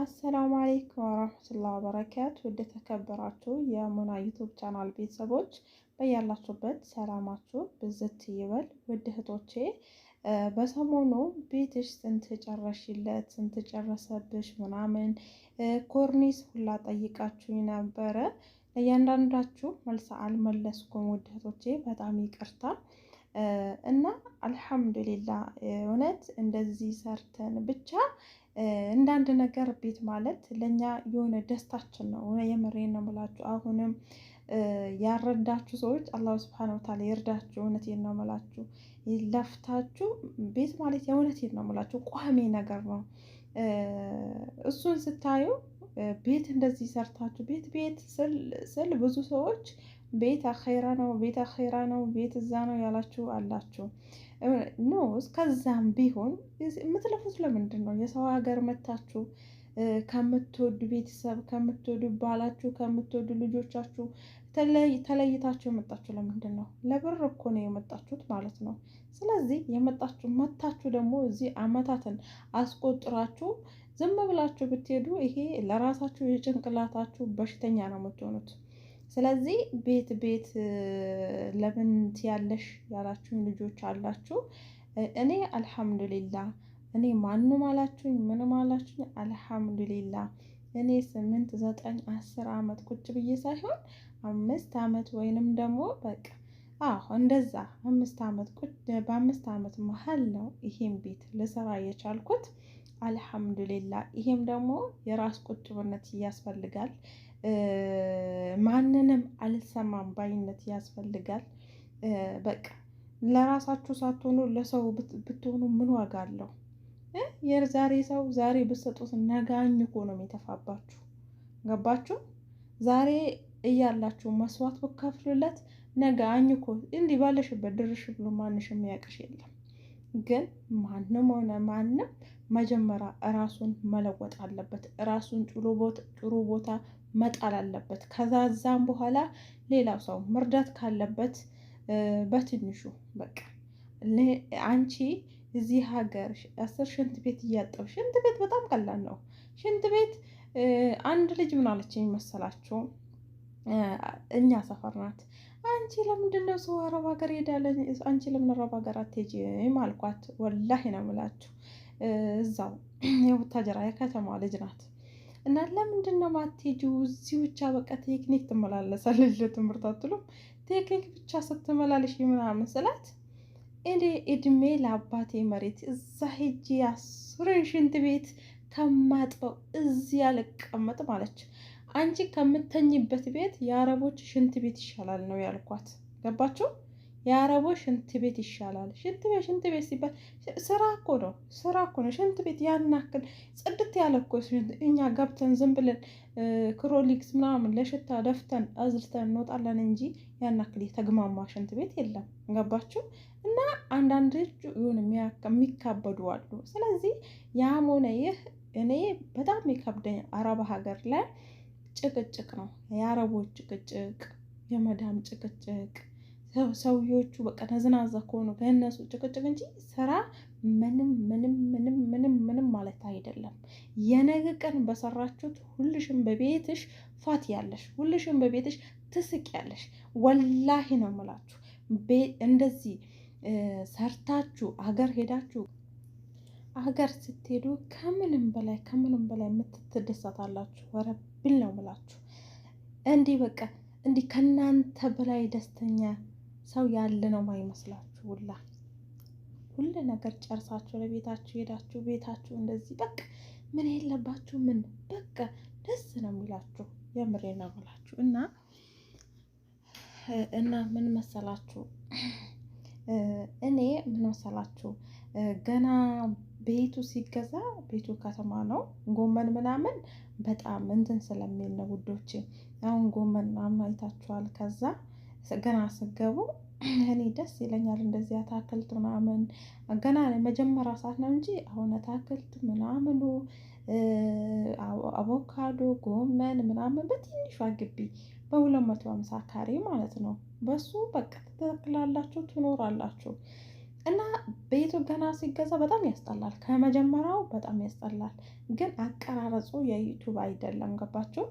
አሰላሙ አሌይኩም ወራህመቱላሂ ወበረካቱ። ወደ ተከበራችሁ የሙና ዩቱብ ቻናል ቤተሰቦች በያላችሁበት ሰላማችሁ ብዝት ይበል። ውድ እህቶቼ በሰሞኑ ቤትሽ ስንት ጨረሽለት፣ ስንት ጨረሰብሽ ምናምን ኮርኒስ ሁላ ጠይቃችሁኝ ነበረ። ለእያንዳንዳችሁ መልስ አልመለስኩም። ውድ እህቶቼ በጣም ይቅርታ እና አልሐምዱሊላ እውነት እንደዚህ ሰርተን ብቻ እንዳንድ ነገር ቤት ማለት ለእኛ የሆነ ደስታችን ነው። የምሬን ነው የምላችሁ። አሁንም ያረዳችሁ ሰዎች አላሁ ስብሐነ ወተዓላ ይርዳችሁ። እውነቴን ነው የምላችሁ። ለፍታችሁ ቤት ማለት የእውነቴን ነው የምላችሁ ቋሚ ነገር ነው። እሱን ስታዩ ቤት እንደዚህ ሰርታችሁ ቤት ቤት ስል ብዙ ሰዎች ቤት አኼራ ነው ቤት አኼራ ነው ቤት እዛ ነው ያላችሁ አላችሁ ኖስ ከዛም ቢሆን የምትለፉት ለምንድን ነው? የሰው ሀገር መታችሁ ከምትወዱ ቤተሰብ ከምትወዱ ባላችሁ ከምትወዱ ልጆቻችሁ ተለይታችሁ የመጣችሁ ለምንድን ነው? ለብር እኮ ነው የመጣችሁት ማለት ነው። ስለዚህ የመጣችሁ መታችሁ ደግሞ እዚህ አመታትን አስቆጥራችሁ ዝም ብላችሁ ብትሄዱ ይሄ ለራሳችሁ የጭንቅላታችሁ በሽተኛ ነው የምትሆኑት። ስለዚህ ቤት ቤት ለምን ትያለሽ ያላችሁኝ ልጆች አላችሁ። እኔ አልሐምዱሊላ እኔ ማንም አላችሁኝ ምንም አላችሁኝ አልሐምዱሊላ። እኔ ስምንት ዘጠኝ አስር አመት ቁጭ ብዬ ሳይሆን አምስት አመት ወይንም ደግሞ በቃ አዎ እንደዛ አምስት አመት ቁጭ በአምስት አመት መሀል ነው ይሄን ቤት ልሰራ የቻልኩት አልሐምዱሊላ። ይሄም ደግሞ የራስ ቁጭብነት ያስፈልጋል። ማንንም አልሰማም ባይነት ያስፈልጋል። በቃ ለራሳችሁ ሳትሆኑ ለሰው ብትሆኑ ምን ዋጋ አለው? የዛሬ ሰው ዛሬ ብትሰጡት ነጋኝ አኝኮ ነው የሚተፋባችሁ። ገባችሁ? ዛሬ እያላችሁ መስዋዕት ብከፍሉለት ነገ አኝኮ እንዲህ ባለሽበት ድርሽ ብሎ ማንሽ የሚያቅሽ የለም። ግን ማንም ሆነ ማንም መጀመሪያ እራሱን መለወጥ አለበት። እራሱን ጥሩ ቦታ መጣል አለበት። ከዛዛም በኋላ ሌላው ሰው መርዳት ካለበት በትንሹ በቃ አንቺ እዚህ ሀገር አስር ሽንት ቤት እያጠብ ሽንት ቤት በጣም ቀላል ነው። ሽንት ቤት አንድ ልጅ ምን አለችኝ መሰላችሁ? እኛ ሰፈር ናት። አንቺ ለምንድን ነው ሰው አረብ ሀገር ሄዳለኝ፣ አንቺ ለምን አረብ ሀገር አትሄጂም አልኳት። ወላሂ ነው የምላችሁ እዛው የቡታጀራ የከተማ ልጅ ናት እና ለምንድን ነው የማትሄጂው? እዚህ ብቻ በቃ ቴክኒክ ትመላለሳለች ለትምህርት አትሉም? ቴክኒክ ብቻ ስትመላለሽ ምናምን ስላት እኔ እድሜ ለአባቴ መሬት እዛ ሄጂ አስረን ሽንት ቤት ከማጥበው እዚህ ያልቀመጥ ማለች። አንቺ ከምተኝበት ቤት የአረቦች ሽንት ቤት ይሻላል ነው ያልኳት። ገባችሁ? የአረቦ ሽንት ቤት ይሻላል። ሽንት ቤት ሽንት ቤት ሲባል ስራ እኮ ነው፣ ስራ እኮ ነው። ሽንት ቤት ያናክል ጽድት ያለ እኮ እኛ ገብተን ዝም ብለን ክሮሊክስ ምናምን ለሽታ ደፍተን አዝርተን እንወጣለን እንጂ ያናክል የተግማማ ሽንት ቤት የለም። ገባችሁ? እና አንዳንዶቹ ይሁን የሚካበዱ አሉ። ስለዚህ ያም ሆነ ይህ እኔ በጣም የሚከብደኝ አረብ ሀገር ላይ ጭቅጭቅ ነው። የአረቦች ጭቅጭቅ፣ የመዳም ጭቅጭቅ ሰውዬዎቹ በቃ ነዝናዛ ከሆኑ በእነሱ ጭቅጭቅ እንጂ ስራ ምንም ምንም ምንም ምንም ምንም ማለት አይደለም። የነገ ቀን በሰራችሁት ሁልሽም በቤትሽ ፋት ያለሽ፣ ሁልሽም በቤትሽ ትስቅ ያለሽ። ወላሂ ነው የምላችሁ። እንደዚህ ሰርታችሁ አገር ሄዳችሁ አገር ስትሄዱ ከምንም በላይ ከምንም በላይ የምትደሰታላችሁ ወረብል ነው የምላችሁ። እንዲህ በቃ እንዲህ ከእናንተ በላይ ደስተኛ ሰው ያለ ነው ማይመስላችሁ ሁላ ሁሉ ነገር ጨርሳችሁ ለቤታችሁ ሄዳችሁ ቤታችሁ እንደዚህ በቃ ምን የለባችሁ ምን በቃ ደስ ነው የሚላችሁ። የምሬ ነው ብላችሁ እና እና ምን መሰላችሁ እኔ ምን መሰላችሁ ገና ቤቱ ሲገዛ ቤቱ ከተማ ነው ጎመን ምናምን በጣም እንትን ስለሚል ነው ውዶቼ። አሁን ጎመን ምናምን አይታችኋል። ከዛ ገና ስገቡ እኔ ደስ ይለኛል እንደዚህ አታክልት ምናምን ገና መጀመሪያ ሰዓት ነው እንጂ አሁን አታክልት ምናምኑ አቮካዶ፣ ጎመን ምናምን በትንሿ ግቢ በሁለት መቶ አምሳ ካሬ ማለት ነው። በሱ በቃ ትተክላላችሁ ትኖራላችሁ። እና ቤቱ ገና ሲገዛ በጣም ያስጠላል፣ ከመጀመሪያው በጣም ያስጠላል። ግን አቀራረጹ የዩቱብ አይደለም፣ ገባችሁ?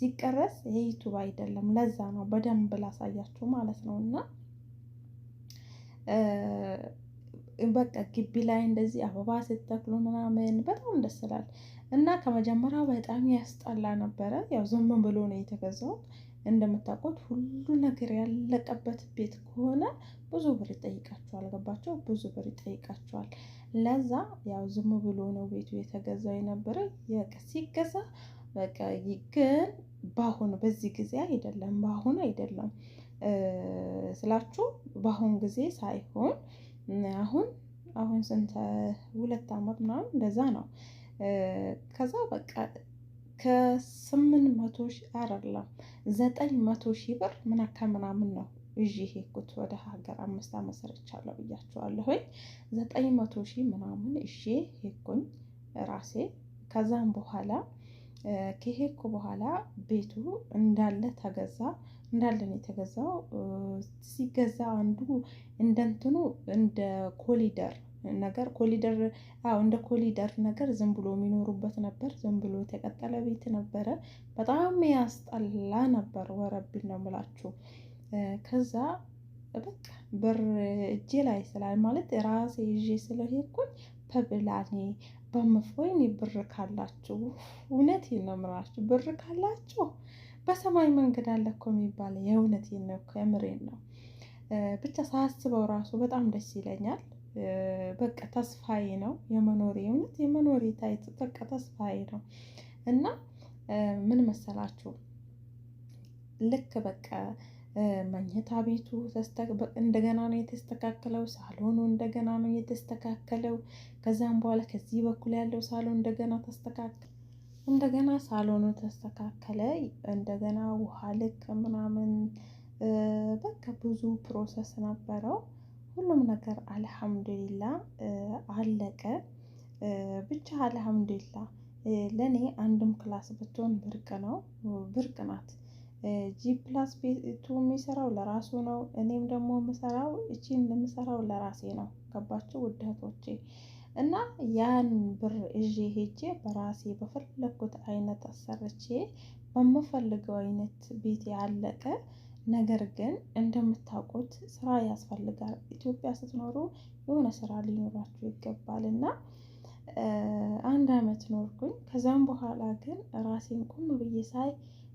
ሲቀረጽ የዩቱብ አይደለም። ለዛ ነው በደንብ ላሳያችሁ ማለት ነው እና በቃ ግቢ ላይ እንደዚህ አበባ ስትተክሉ ምናምን በጣም ደስ ይላል እና ከመጀመሪያው በጣም ያስጠላ ነበረ። ያው ዝም ብሎ ነው የተገዛው። እንደምታውቁት ሁሉ ነገር ያለቀበት ቤት ከሆነ ብዙ ብር ይጠይቃቸዋል። ገባቸው ብዙ ብር ይጠይቃቸዋል። ለዛ ያው ዝም ብሎ ነው ቤቱ የተገዛው የነበረ ሲገዛ በቃ ግን በአሁኑ በዚህ ጊዜ አይደለም በአሁኑ አይደለም ስላችሁ በአሁን ጊዜ ሳይሆን አሁን አሁን ስንት ሁለት አመት ምናምን እንደዛ ነው። ከዛ በቃ ከስምንት መቶ ሺ አይደለም ዘጠኝ መቶ ሺ ብር ምን ከምናምን ነው ይዤ ሄኩት ወደ ሀገር አምስት ዓመት ሰርቻለሁ ብያቸዋለሁኝ። ዘጠኝ መቶ ሺ ምናምን እሺ ሄኩኝ ራሴ። ከዛም በኋላ ከሄኩ በኋላ ቤቱ እንዳለ ተገዛ። እንዳለን የተገዛው ሲገዛ አንዱ እንደንትኑ እንደ ኮሊደር ነገር ኮሊደር አዎ እንደ ኮሊደር ነገር ዝም ብሎ የሚኖሩበት ነበር። ዝም ብሎ የተቀጠለ ቤት ነበረ። በጣም ያስጠላ ነበር። ወረብን ነው የምላችሁ። ከዛ በቃ ብር እጄ ላይ ስላል ማለት ራሴ ይዤ ስለሄድኩኝ በብላኔ በምፎይን ብር ካላችሁ እውነት ነው የምላችሁ ብር ካላችሁ በሰማይ መንገድ አለ እኮ የሚባል የእውነት ነው፣ ከምሬን ነው። ብቻ ሳስበው ራሱ በጣም ደስ ይለኛል። በቃ ተስፋዬ ነው የመኖሪ እውነት የመኖሪ ታይት በቃ ተስፋዬ ነው እና ምን መሰላችሁ ልክ በቃ መኝታ ቤቱ እንደገና ነው የተስተካከለው። ሳሎኑ እንደገና ነው የተስተካከለው። ከዛም በኋላ ከዚህ በኩል ያለው ሳሎን እንደገና ተስተካከለ። እንደገና ሳሎኑ ተስተካከለ። እንደገና ውሃ ልክ ምናምን በቃ ብዙ ፕሮሰስ ነበረው። ሁሉም ነገር አልሐምዱሊላ አለቀ። ብቻ አልሐምዱሊላ ለኔ አንድም ክላስ ብትሆን ብርቅ ነው ብርቅ ናት። ጂ ፕላስ ቤቱ የሚሰራው ለራሱ ነው። እኔም ደግሞ የምሰራው እቺን የምሰራው ለራሴ ነው። ገባችሁ ውድ እህቶቼ እና ያን ብር እዤ ሄጄ በራሴ በፈለኩት አይነት አሰርቼ በምፈልገው አይነት ቤት ያለቀ ነገር ግን እንደምታውቁት ስራ ያስፈልጋል። ኢትዮጵያ ስትኖሩ የሆነ ስራ ሊኖራችሁ ይገባል እና አንድ አመት ኖርኩኝ። ከዛም በኋላ ግን ራሴን ቁም ብዬ ሳይ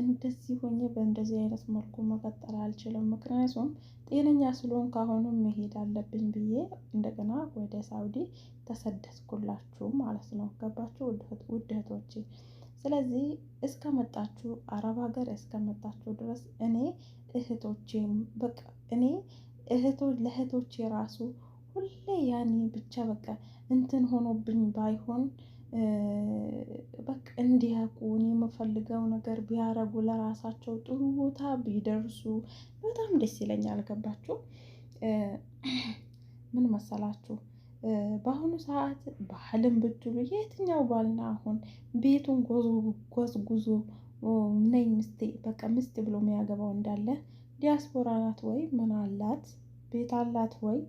እንደዚህ ሆኜ በእንደዚህ አይነት መልኩ መቀጠል አልችልም። ምክንያቱም ጤነኛ ስለሆን ካሁኑ መሄድ አለብኝ ብዬ እንደገና ወደ ሳውዲ ተሰደስኩላችሁ ማለት ነው። ገባችሁ ውድ እህቶቼ? ስለዚህ እስከመጣችሁ አረብ ሀገር እስከመጣችሁ ድረስ እኔ እህቶቼም በቃ እኔ እህቶ ለእህቶቼ ራሱ ሁሌ ያኔ ብቻ በቃ እንትን ሆኖብኝ ባይሆን በቃ እንዲያውቁ እኔ የምፈልገው ነገር ቢያረጉ ለራሳቸው ጥሩ ቦታ ቢደርሱ በጣም ደስ ይለኛል። ገባችሁ? ምን መሰላችሁ? በአሁኑ ሰዓት ባህልን ብትሉ የትኛው ባልና አሁን ቤቱን ጎዝጉዞ ነይ ምስቴ በቃ ምስት ብሎ የሚያገባው እንዳለ ዲያስፖራ ናት ወይ ምን አላት ቤት አላት ወይ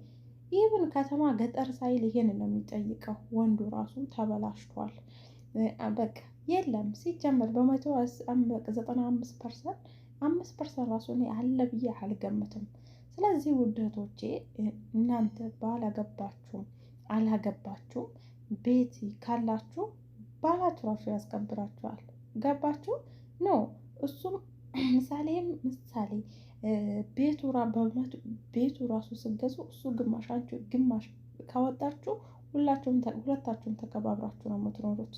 ይህን ከተማ ገጠር ሳይል ይሄን ነው የሚጠይቀው። ወንዱ ራሱ ተበላሽቷል። በቃ የለም ሲጀመር በመቶ ዘጠና አምስት ፐርሰንት አምስት ፐርሰንት ራሱ እኔ አለ ብዬ አልገምትም። ስለዚህ ውደቶቼ እናንተ ባላገባችሁም አላገባችሁም ቤት ካላችሁ ባላችሁ ራሱ ያስቀብራችኋል። ገባችሁ ነው እሱም ምሳሌም ምሳሌ ቤቱ ቤቱ ራሱ ስገዙ እሱ ግማሻቸው ግማሽ ካወጣችሁ ሁላችሁም ሁለታችሁም ተከባብራችሁ ነው የምትኖሩት።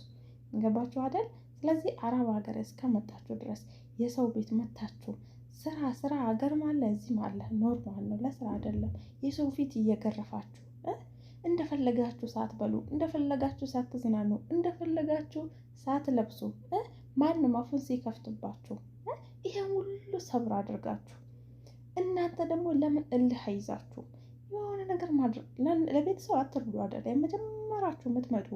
ገባችሁ አደል? ስለዚህ አረብ ሀገር እስከመጣችሁ ድረስ የሰው ቤት መታችሁ ስራ ስራ ሀገር ማለ እዚህ ማለ ኖርማል ነው፣ ለስራ አይደለም። የሰው ፊት እየገረፋችሁ እንደፈለጋችሁ ሰዓት በሉ፣ እንደፈለጋችሁ ሰዓት ሳትዝናኑ፣ እንደፈለጋችሁ ሰዓት ለብሱ። ማንም አፉን ሲከፍትባችሁ ይሄ ሁሉ ሰብር አድርጋችሁ እናንተ ደግሞ ለምን እልህ አይዛችሁ የሆነ ነገር ማድረግ ለቤተሰብ አትርዱ አይደል? የመጀመራችሁ የምትመጡ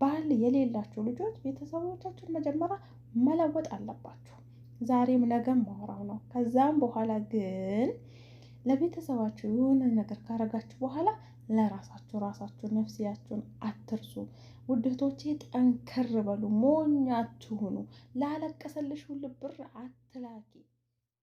ባል የሌላችሁ ልጆች ቤተሰቦቻችሁን መጀመሪያ መለወጥ አለባችሁ። ዛሬም ነገም ማውራው ነው። ከዛም በኋላ ግን ለቤተሰባችሁ የሆነ ነገር ካረጋችሁ በኋላ ለራሳችሁ ራሳችሁ ነፍስያችሁን አትርሱ። ውድቶቼ ጠንከር በሉ፣ ሞኛችሁኑ። ላለቀሰልሽ ሁሉ ብር አትላኪ።